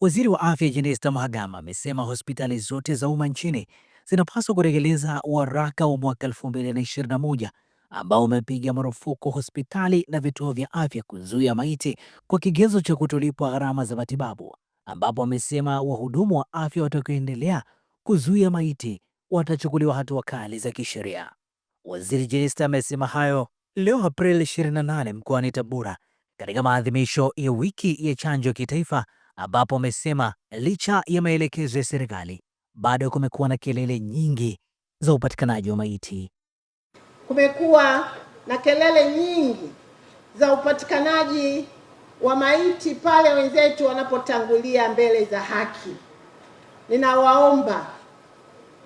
Waziri wa Afya Jenista Mhagama amesema hospitali zote za umma nchini zinapaswa kutekeleza waraka wa mwaka 2021 ambao umepiga marufuku hospitali na vituo vya afya kuzuia maiti kwa kigezo cha kutolipwa gharama za matibabu, ambapo amesema wahudumu wa afya watakaoendelea kuzuia maiti watachukuliwa hatua kali za kisheria. Waziri Jenista amesema hayo leo Aprili 28 mkoani Tabora katika maadhimisho ya wiki ya chanjo ya kitaifa ambapo amesema licha ya maelekezo ya serikali bado kumekuwa na kelele nyingi za upatikanaji wa maiti. Kumekuwa na kelele nyingi za upatikanaji wa maiti pale wenzetu wanapotangulia mbele za haki. Ninawaomba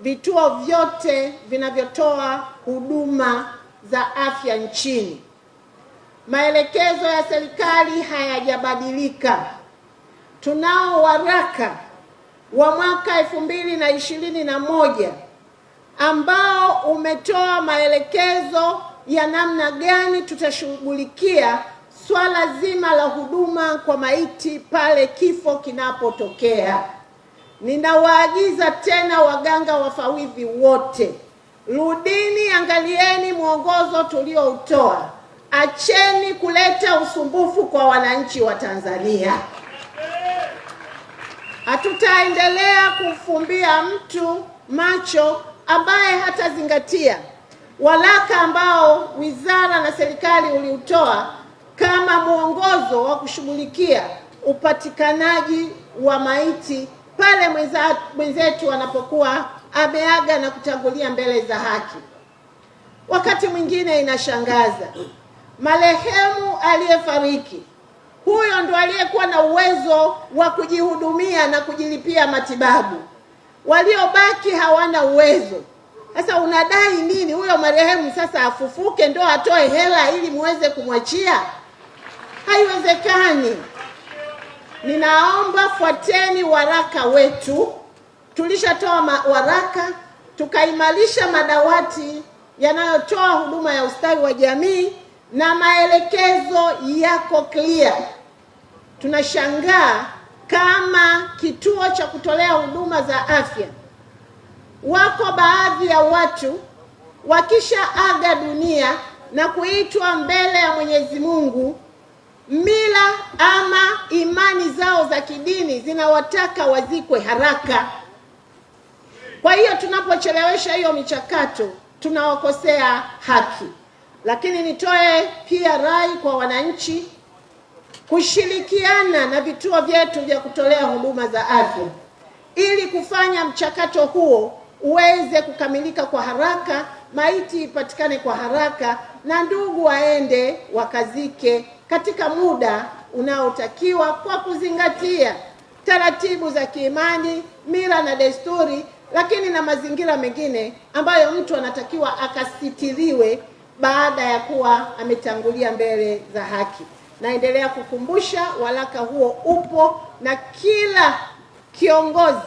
vituo vyote vinavyotoa huduma za afya nchini, maelekezo ya serikali hayajabadilika tunao waraka wa mwaka elfu mbili na ishirini na moja ambao umetoa maelekezo ya namna gani tutashughulikia swala zima la huduma kwa maiti pale kifo kinapotokea. Ninawaagiza tena waganga wafawidhi wote, rudini, angalieni mwongozo tulioutoa. Acheni kuleta usumbufu kwa wananchi wa Tanzania. Hatutaendelea kumfumbia mtu macho ambaye hatazingatia walaka ambao wizara na serikali uliutoa kama mwongozo wa kushughulikia upatikanaji wa maiti pale mwenzetu anapokuwa ameaga na kutangulia mbele za haki. Wakati mwingine inashangaza marehemu aliyefariki huyo ndo aliyekuwa na uwezo wa kujihudumia na kujilipia matibabu, waliobaki hawana uwezo. Sasa unadai nini? Huyo marehemu sasa afufuke ndo atoe hela ili muweze kumwachia? Haiwezekani. Ninaomba fuateni waraka wetu. Tulishatoa waraka tukaimarisha madawati yanayotoa huduma ya ustawi wa jamii na maelekezo yako clear tunashangaa kama kituo cha kutolea huduma za afya, wako baadhi ya watu wakishaaga dunia na kuitwa mbele ya Mwenyezi Mungu, mila ama imani zao za kidini zinawataka wazikwe haraka. Kwa hiyo tunapochelewesha hiyo michakato tunawakosea haki, lakini nitoe pia rai kwa wananchi kushirikiana na vituo vyetu vya kutolea huduma za afya ili kufanya mchakato huo uweze kukamilika kwa haraka, maiti ipatikane kwa haraka, na ndugu waende wakazike katika muda unaotakiwa kwa kuzingatia taratibu za kiimani, mila na desturi, lakini na mazingira mengine ambayo mtu anatakiwa akasitiriwe baada ya kuwa ametangulia mbele za haki. Naendelea kukumbusha, waraka huo upo na kila kiongozi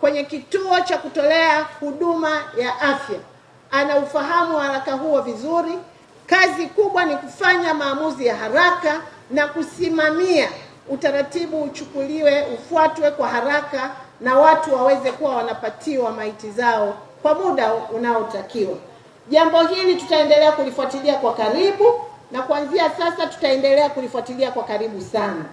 kwenye kituo cha kutolea huduma ya afya anaufahamu waraka huo vizuri. Kazi kubwa ni kufanya maamuzi ya haraka na kusimamia utaratibu uchukuliwe, ufuatwe kwa haraka na watu waweze kuwa wanapatiwa maiti zao kwa muda unaotakiwa. Jambo hili tutaendelea kulifuatilia kwa karibu na kuanzia sasa tutaendelea kulifuatilia kwa karibu sana.